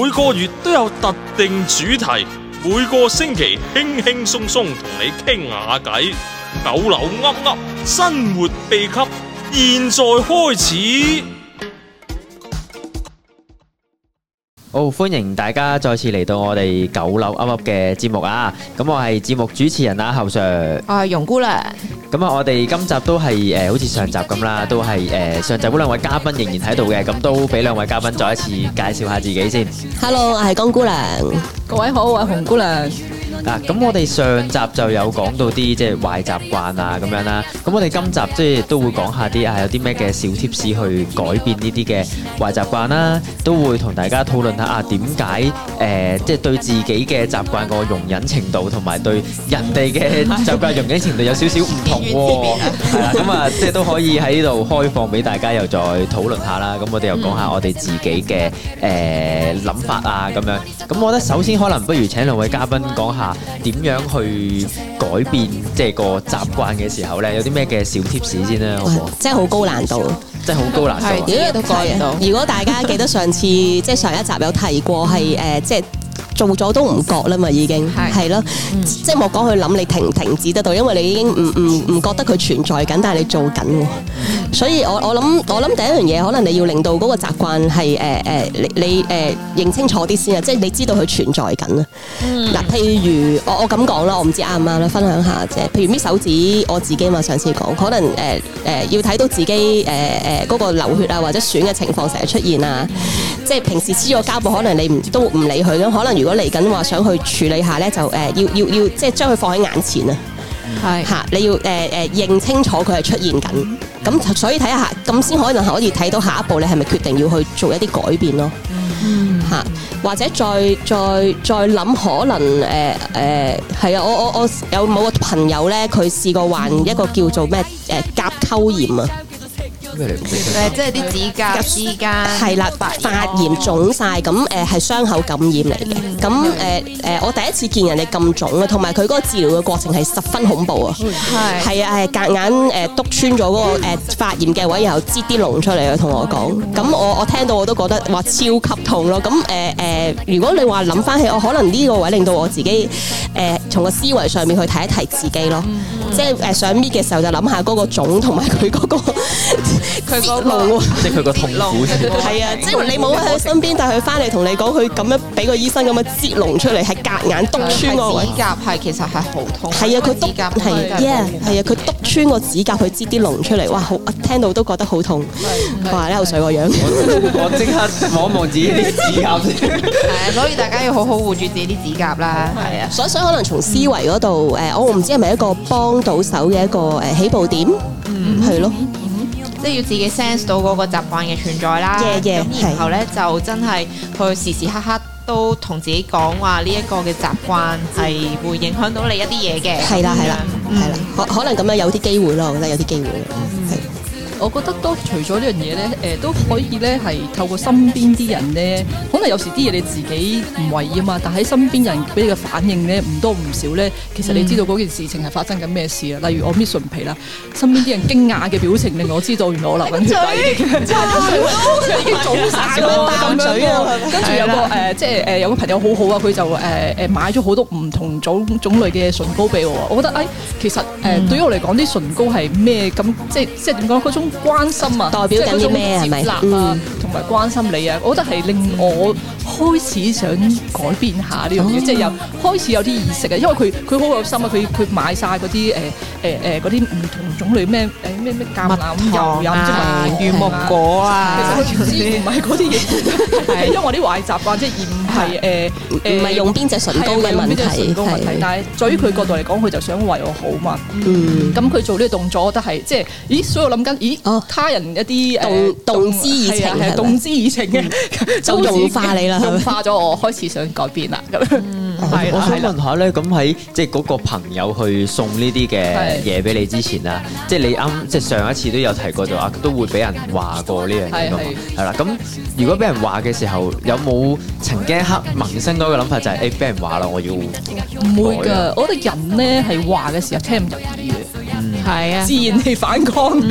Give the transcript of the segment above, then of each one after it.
每個月都有特定主題，每個星期輕輕鬆鬆同你傾下偈，九樓噏噏，生活秘笈，現在開始。好，歡迎大家再次嚟到我哋九樓噏噏嘅節目啊！咁我係節目主持人啊，侯 Sir。我係容姑娘。咁啊，我哋今集都係誒，好似上集咁啦，都係誒，上集嗰兩位嘉賓仍然喺度嘅，咁都俾兩位嘉賓再一次介紹下自己先。Hello，我係江姑娘。各位好，我係紅姑娘。嗱，咁、啊、我哋上集就有講到啲即係壞習慣啊咁樣啦、啊，咁我哋今集即係都會講下啲啊，有啲咩嘅小 tips 去改變呢啲嘅壞習慣啦，都會同大家討論下啊，點解誒即係對自己嘅習慣個容忍程度，同埋對人哋嘅習慣容忍程度有少少唔同，係係啦，咁啊，即係都可以喺度開放俾大家又再討論下啦，咁、啊、我哋又講下我哋自己嘅誒諗法啊咁樣。咁我覺得首先可能不如請兩位嘉賓講下點樣去改變即係、就是、個習慣嘅時候咧，有啲咩嘅小 tips 先啦。好唔好？即係好高難度，即係好高難度。都如果大家記得上次即係上一集有提過係誒、呃，即係做咗都唔覺啦嘛，已經係係咯，即係莫講去諗你停唔停止得到，因為你已經唔唔唔覺得佢存在緊，但係你做緊喎。嗯。所以我，我我諗，我諗第一樣嘢，可能你要令到嗰個習慣係，誒、呃、誒，你、呃、你誒、呃、認清楚啲先啊，即係你知道佢存在緊、嗯、啊。嗱，譬如我我咁講啦，我唔知啱唔啱啦，分享下啫。譬如搣手指，我自己嘛，上次講，可能誒誒、呃呃、要睇到自己，誒誒嗰個流血啊或者損嘅情況成日出現啊，即係平時黐咗膠布，可能你唔都唔理佢。咁可能如果嚟緊話想去處理下咧，就誒、呃、要要要、要、要，即係將佢放喺眼前啊。係吓，你要誒誒、呃呃、認清楚佢係出現緊，咁所以睇下，咁先可能可以睇到下一步你係咪決定要去做一啲改變咯，吓、嗯、或者再再再諗可能誒誒係啊，我我我有冇個朋友咧，佢試過患一個叫做咩誒、呃、甲溝炎啊。誒，即係啲指甲，指甲係啦，發炎腫晒，咁誒係傷口感染嚟嘅。咁誒誒，我第一次見人哋咁腫啊，同埋佢嗰個治療嘅過程係十分恐怖啊。係啊、嗯，係隔是硬誒篤穿咗嗰、那個誒、嗯、發炎嘅位，然後擠啲膿出嚟，啊、嗯。同我講。咁我我聽到我都覺得話超級痛咯。咁誒誒，如果你話諗翻起，我可能呢個位令到我自己誒、呃、從個思維上面去提一提自己咯。嗯即係誒想搣嘅時候，就諗下嗰個腫同埋佢嗰個佢個膿，即係佢個痛苦係啊，即係你冇喺佢身邊，但係佢翻嚟同你講，佢咁樣俾個醫生咁樣擠膿出嚟，係夾硬督穿我個指甲，係其實係好痛。係啊，佢篤係啊，係啊，佢督穿個指甲去擠啲膿出嚟，哇！聽到都覺得好痛，哇！你口水個樣，我即刻望一望自己啲指甲先。係啊，所以大家要好好護住自己啲指甲啦。係啊，所以可能從思維嗰度誒，我唔知係咪一個幫到手嘅一個誒起步點，嗯，係咯的，即係要自己 sense 到嗰個習慣嘅存在啦，yeah, yeah, 然後呢，的就真係去時時刻刻都同自己講話呢一個嘅習慣係會影響到你一啲嘢嘅。係啦係啦，嗯，可可能咁樣有啲機會咯，我覺得有啲機會，嗯我覺得都除咗呢樣嘢咧，誒都可以咧，係透過身邊啲人咧，可能有時啲嘢你自己唔為意啊嘛，但喺身邊人俾你嘅反應咧，唔多唔少咧，其實你知道嗰件事情係發生緊咩事啊？例如我搣唇皮啦，身邊啲人驚訝嘅表情令我知道原來我流緊血。真跟住有個誒，即係誒有個朋友好好啊，佢就誒誒買咗好多唔同種種類嘅唇膏俾我，我覺得誒，其實誒對於我嚟講啲唇膏係咩咁，即係即係點講嗰關心啊，代表緊啲咩係咪？嗯，同埋關心你啊，我覺得係令我開始想改變下呢啲，即係有開始有啲意識啊。因為佢佢好有心啊，佢佢買晒嗰啲誒誒誒嗰啲唔同種類咩誒咩咩橄欖油飲之咪，乳木果啊，之唔係嗰啲嘢。係因為我啲壞習慣，即係而唔係誒誒唔係用邊隻唇膏嘅問題，但係在於佢角度嚟講，佢就想為我好嘛。嗯，咁佢做呢個動作，我覺得係即係，咦？所以我諗緊，咦？哦，他人一啲動動之以情，動之以情嘅就融化你啦，融化咗我，開始想改變啦。咁，嗯，我想問下咧，咁喺即係嗰個朋友去送呢啲嘅嘢俾你之前啦，即係你啱即係上一次都有提過就話都會俾人話過呢樣嘢㗎嘛，係啦。咁如果俾人話嘅時候，有冇曾經一刻萌生嗰個諗法就係誒俾人話啦，我要唔會㗎？我覺得人咧係話嘅時候聽唔入耳嘅。係啊，自然係反光、嗯、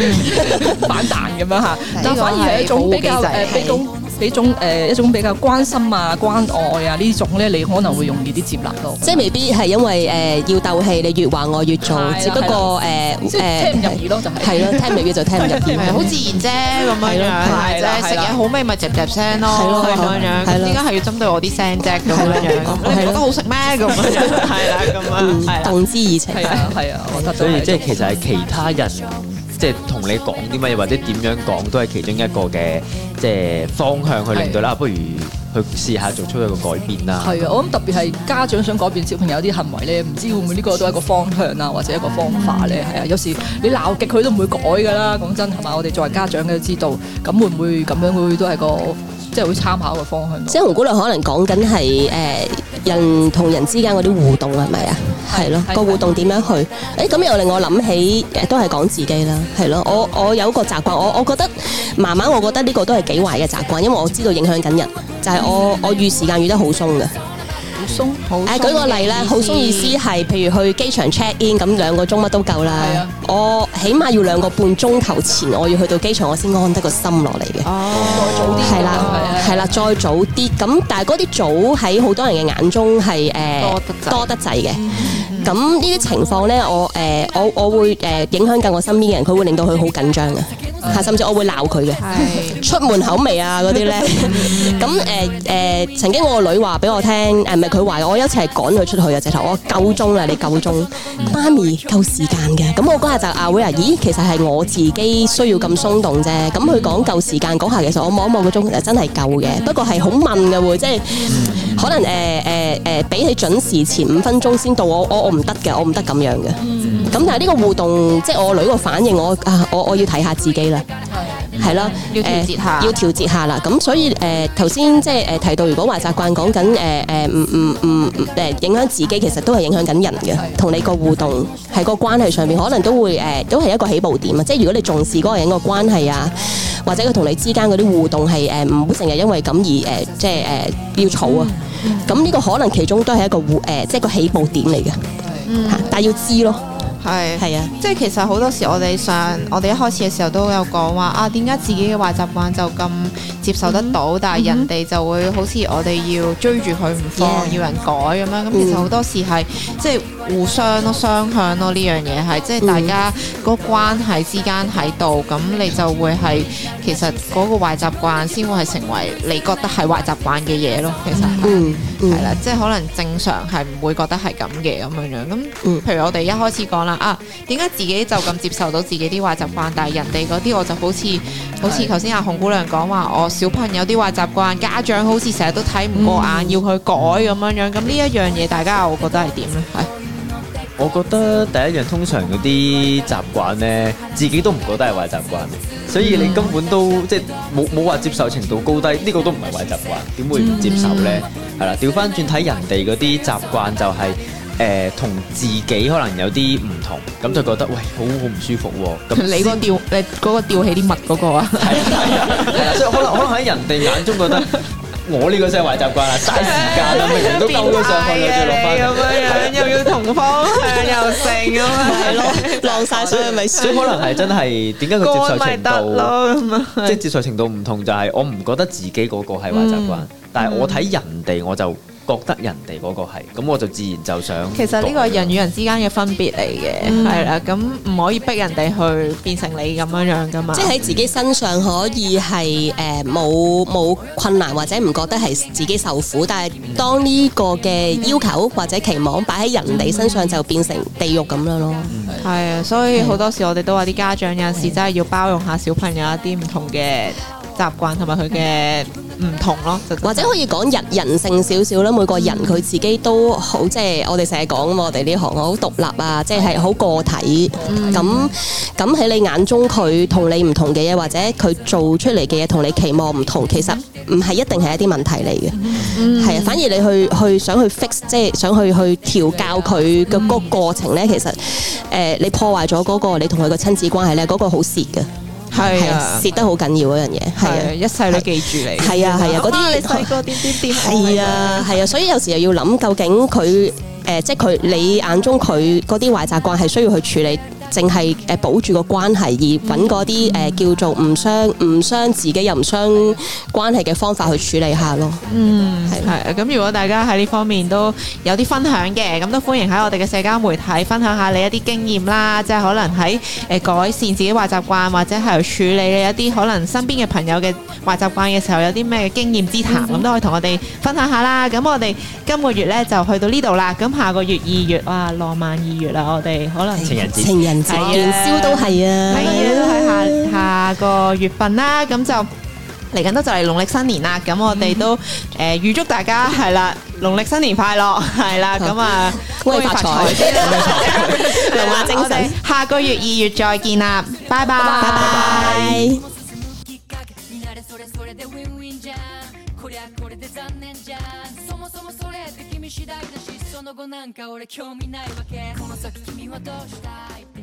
反彈咁樣吓，但 反而係一種比較誒悲觀。俾種誒一種比較關心啊、關愛啊呢種咧，你可能會容易啲接納咯。即係未必係因為誒要鬥氣，你越話我越做。只不過誒誒聽唔入耳咯，就係。係咯，聽唔入耳就聽入耳，好自然啫咁樣。係啫，食嘢好味咪夾夾聲咯。係咯咁樣。係咯。點解係要針對我啲聲啫咁樣？你覺得好食咩咁樣？係啦咁樣。嗯，動之以情係啊我覺得。所以即係其實係其他人。即係同你講啲乜嘢，又或者點樣講，都係其中一個嘅即係方向去令到啦。不如去試下做出一個改變啦。係啊，我諗特別係家長想改變小朋友啲行為咧，唔知會唔會呢個都係一個方向啊，或者一個方法咧。係啊，有時你鬧極佢都唔會改㗎啦。講真係嘛，我哋作為家長都知道，咁會唔會咁樣會都係個？即係會參考嘅方向，即係紅姑娘可能講緊係誒人同人之間嗰啲互動係咪啊？係咯，個互動點樣去？誒、欸、咁又令我諗起都係講自己啦，係咯。我我有個習慣，我我覺得慢慢，我覺得呢個都係幾壞嘅習慣，因為我知道影響緊人，就係、是、我我預時間預得好鬆嘅。好鬆，誒，舉個例咧，好鬆意思係，譬如去機場 check in，咁兩個鐘乜都夠啦。啊、我起碼要兩個半鐘頭前，我要去到機場，我先安得個心落嚟嘅。哦，再早啲，係啦，係啦，再早啲。咁但係嗰啲早喺好多人嘅眼中係誒、呃、多得滯嘅。咁、嗯、呢啲情況咧，我誒、呃，我我會誒影響緊我身邊嘅人，佢會令到佢好緊張嘅。甚至我會鬧佢嘅， 出門口未啊嗰啲咧。咁誒誒，曾經我個女話俾我聽，誒唔係佢話，我有一次係趕佢出去啊，直頭我夠鐘啦，你夠鐘，嗯、媽咪夠時間嘅。咁我嗰日就阿會啊，咦，其實係我自己需要咁鬆動啫。咁佢講夠時間，講下其實我望一望個鐘，其實真係夠嘅，不過係好悶嘅喎，即係。嗯嗯可能誒誒誒，俾你準時前五分鐘先到，我我我唔得嘅，我唔得咁樣嘅。咁但係呢個互動，即係我女個反應，我啊，我我要睇下自己啦。係係咯，要調節下，要調節下啦。咁所以誒頭先即係誒提到，如果話習慣講緊誒誒，唔唔唔誒影響自己，其實都係影響緊人嘅。同你個互動喺個關係上邊，可能都會誒都係一個起步點啊。即係如果你重視嗰個人個關係啊，或者佢同你之間嗰啲互動係誒唔會成日因為咁而誒即係誒要吵啊。咁呢個可能其中都係一個互、呃、即係個起步點嚟嘅，嚇！嗯、但係要知道咯。係係啊，即係其實好多時我哋想，我哋一開始嘅時候都有講話啊，點解自己嘅壞習慣就咁接受得到，mm hmm. 但係人哋就會好似我哋要追住佢唔放，Yeah. 要人改咁樣，咁其實好多時係即係互相咯，雙向咯呢樣嘢係，即係、就是、大家嗰個關係之間喺度，咁、mm hmm. 你就會係其實嗰個壞習慣先會係成為你覺得係壞習慣嘅嘢咯，其實。Mm hmm. 係。係啦、嗯，即係可能正常係唔會覺得係咁嘅咁樣樣。咁、嗯、譬如我哋一開始講啦，啊點解自己就咁接受到自己啲壞習慣，但係人哋嗰啲我就好似是好似頭先阿紅姑娘講話，我小朋友啲壞習慣，家長好似成日都睇唔過眼，嗯、要去改咁樣樣。咁呢一樣嘢大家又覺得係點呢？係，我覺得第一樣通常嗰啲習慣呢，自己都唔覺得係壞習慣所以你根本都即係冇冇話接受程度高低，呢、呢個都唔係壞習慣，點會唔接受咧？係啦、嗯，調翻轉睇人哋嗰啲習慣就係誒同自己可能有啲唔同，咁就覺得喂好好唔舒服喎、哦。咁你講吊你嗰個吊起啲物嗰個啊？係啊，所以可能可能喺人哋眼中覺得。 我呢個真係壞習慣啊，嘥時間啊，明明都溝咗上去，又要落翻咁樣，又要同方向 又剩咁啊，係咯，浪曬水咪。所以可能係真係點解佢接受程度，即係接受程度唔同就係我唔覺得自己嗰個係壞習慣，嗯，但係我睇人哋我就。覺得人哋嗰個係，咁我就自然就想。其實呢個人與人之間嘅分別嚟嘅，係啦、嗯，咁唔可以逼人哋去變成你咁樣樣噶嘛。即係喺自己身上可以係誒冇冇困難或者唔覺得係自己受苦，但係當呢個嘅要求、嗯、或者期望擺喺人哋身上就變成地獄咁樣咯。係啊、嗯，所以好多時我哋都話啲家長有時真係要包容下小朋友一啲唔同嘅。習慣同埋佢嘅唔同咯，就是、或者可以講人人性少少啦。每個人佢、嗯、自己都好，即、就、係、是、我哋成日講嘅嘛，我哋呢行好獨立啊，即係好個體。咁咁喺你眼中佢同你唔同嘅嘢，或者佢做出嚟嘅嘢同你期望唔同，其實唔係一定係一啲問題嚟嘅。係啊、嗯，反而你去去想去 fix，即係想去去調教佢嘅嗰個過程咧，嗯、其實誒、呃、你破壞咗嗰、那個你同佢嘅親子關係咧，嗰、那個好蝕嘅。係啊，蝕得好緊要嗰樣嘢，係啊,啊，一世都記住你。係啊，係啊，嗰啲，你點點點，係啊，係啊,啊,啊,啊，所以有時又要諗究竟佢誒、呃，即係佢你眼中佢嗰啲壞習慣係需要去處理。淨係誒，保住個關係而揾嗰啲誒，叫做唔傷唔傷自己又唔傷關係嘅方法去處理下咯。嗯，係係吧。咁如果大家喺呢方面都有啲分享嘅，咁都歡迎喺我哋嘅社交媒體分享下你一啲經驗啦。即係可能喺誒，改善自己壞習慣，或者係處理你一啲可能身邊嘅朋友嘅壞習慣嘅時候有，有啲咩經驗之談，咁都可以同我哋分享下啦。咁我哋今個月咧就去到呢度啦。咁下個月二月哇，浪漫二月啦，我哋可能情人節。元宵都係啊，係啊，下下個月份啦。咁就嚟緊都就嚟農曆新年啦，咁我哋都誒預、嗯呃、祝大家係啦，農曆新年快樂，係啦，咁啊、嗯，恭喜發財，龍馬精神，okay，下個月二月再見啦，拜拜，拜拜。